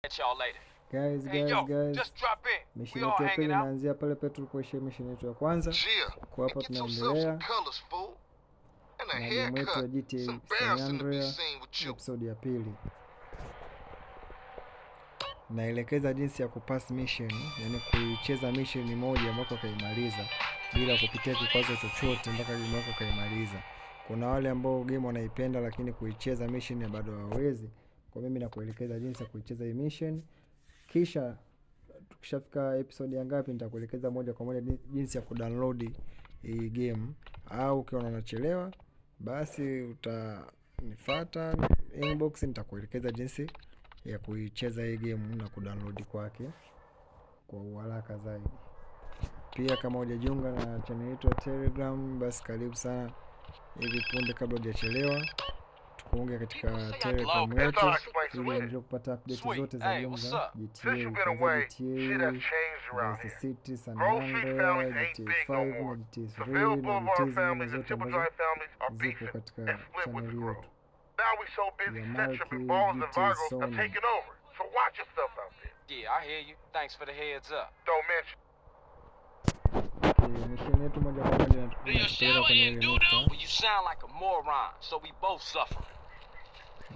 Guys, guys, guys. Mission yetu ya pili inaanzia pale pale tulipoishia mission yetu ya kwanza. Kwa hapa tunaendelea na game yetu ya GTA San Andreas episode ya pili. Naelekeza jinsi ya kupass mission, yani kuicheza mission moja mpaka ukaimaliza bila kupitia kikwazo chochote mpaka game yako ukaimaliza. Kuna wale ambao game wanaipenda lakini kuicheza mission bado hawawezi kwa mimi nakuelekeza jinsi ya kuicheza hii mission, kisha tukishafika episode ya ngapi nitakuelekeza moja kwa moja jinsi ya kudownload hii game, au ukiwa unachelewa basi utanifuata inbox, nitakuelekeza jinsi ya kuicheza hii game na kudownload kwake kwa uharaka zaidi. Pia kama hujajiunga na channel yetu ya Telegram, basi karibu sana hivi punde, kabla hujachelewa. kuunga katika Telegram yetu ili kupata update zote za game za GTA, GTA City, San Andreas, GTA 5 na GTA 3 na GTA zote ambazo katika channel yetu. Now we so busy centering balls and Virgos are taking over. So watch yourself out there. Yeah, I hear you. Thanks for the heads up. Don't mention. yetu moja kwa moja kwenye You sound like a moron, so we both suffer.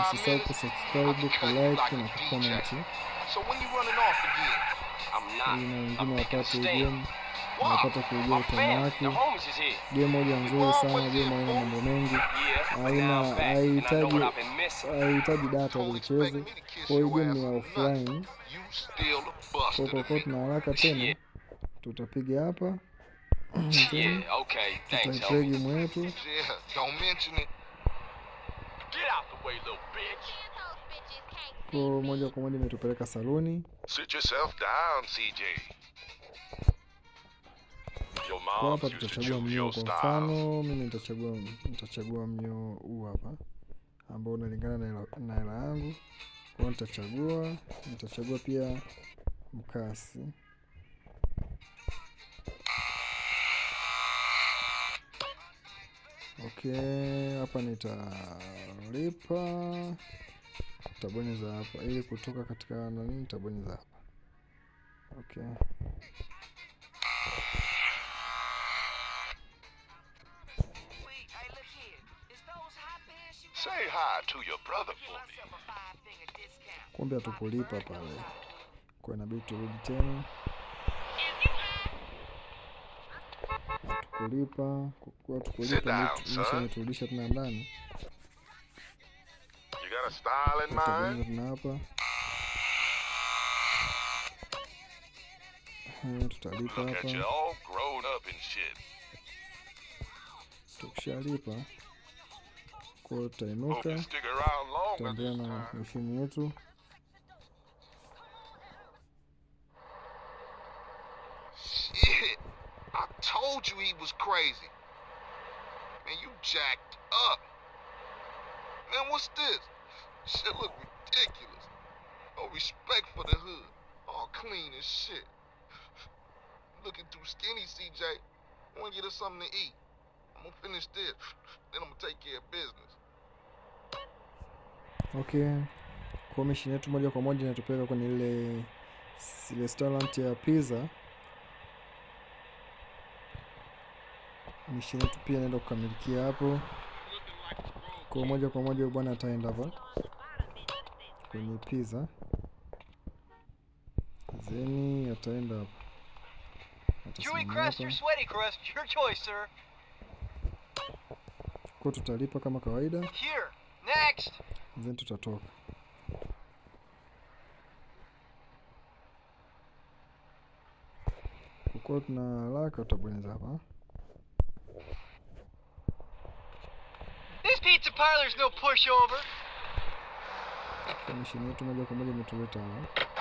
Usisahau kusubscribe, kulike na kukomenti ili na wengine wapate game na wapate kujua utamu wake. Game moja nzuri sana, game haina mambo mengi, haina haihitaji haihitaji data kucheza, kwa hiyo game ni ya offline. Kokokote tuna haraka tena, tutapiga hapa tutaiplay game yetu. Kwa moja kwa moja imetupeleka saluni. Kwa hapa tutachagua mnyo. Kwa mfano mimi nitachagua nitachagua mnyo huu hapa ambao unalingana na hela yangu. Kwa hiyo nitachagua nitachagua pia mkasi Okay, hapa nitalipa, tabonyeza hapa ili kutoka katika nani, nitabonyeza hapa okay. Kumbe hatukulipa pale, kwa inabidi turudi tena. kulipa kwa kulipa turudisha tena ndani You got a style in mind? tuna hapa hmm, tutalipa hapa. Tukishalipa kwa tutainuka, tutaendelea na mishini yetu. he was crazy. Man, you jacked up. Man, what's this? Shit look ridiculous. No respect for the hood. All clean as shit. Looking too skinny, CJ. I wanna get us something to eat. I'm gonna finish this. Then I'm gonna take care of business. Okay. Kwa mission yetu moja kwa moja inatupeleka kwenye ile restaurant ya pizza Mishini yetu pia inaenda kukamilikia hapo kwa moja kwa moja, bwana ataenda hapa kwenye pizza zeni, ataenda hapa kwa tutalipa kama kawaida zeni, tutatoka kwa tuna haraka, utabonyeza hapa Pizza parlor's no pushover.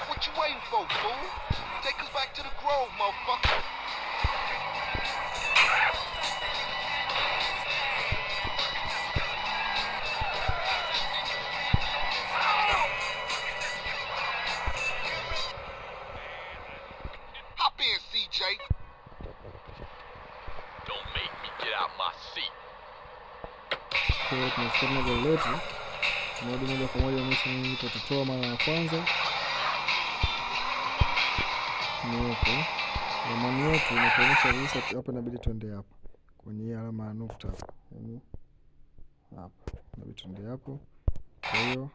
What you waiting for, fool? Take us back to the grove, motherfucker. Hop in, CJ. Don't make me get out my seat. Kwa hiyo tunasema gari letu, tunarudi moja kwa moja mwisho. Mimi tutatoa mara ya kwanza ni huko, ramani yetu inatuonyesha kabisa hapa, inabidi tuende hapo kwenye alama ya nukta, yaani hapa inabidi tuende hapo, kwa hiyo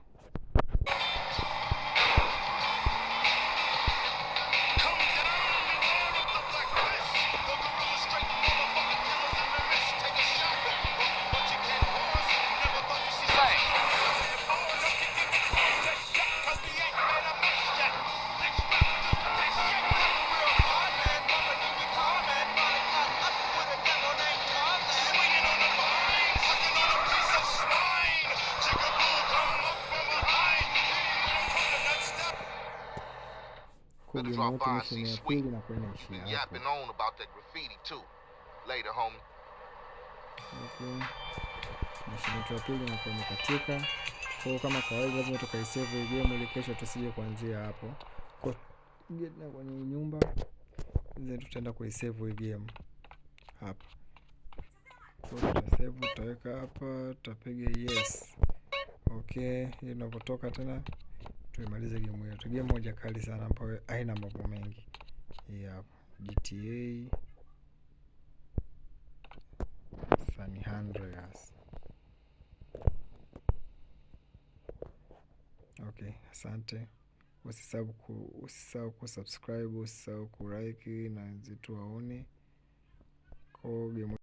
Better drop by and see Sweet. Been yapping on about that graffiti too. Later, homie. Okay. pili inakuwa Kwa kama kawaida lazima tukaisave game ili kesho tusije kuanzia hapo. Kwa na kwenye nyumba tutaenda kuisave game hapa. Kwa tutaweka hapa, tutapiga yes. Okay, inapotoka tena tuimalize gemu yetu. Gemu moja kali sana ambayo haina mambo mengi. ya GTA San Andreas. Okay, asante. Usisahau ku usisahau kusubscribe, usisahau kulike na wenzetu waone ko gemu